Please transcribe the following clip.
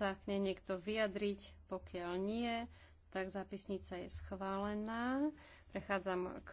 sa k nej niekto vyjadriť? Pokiaľ nie, tak zápisnica je schválená. Prechádzam k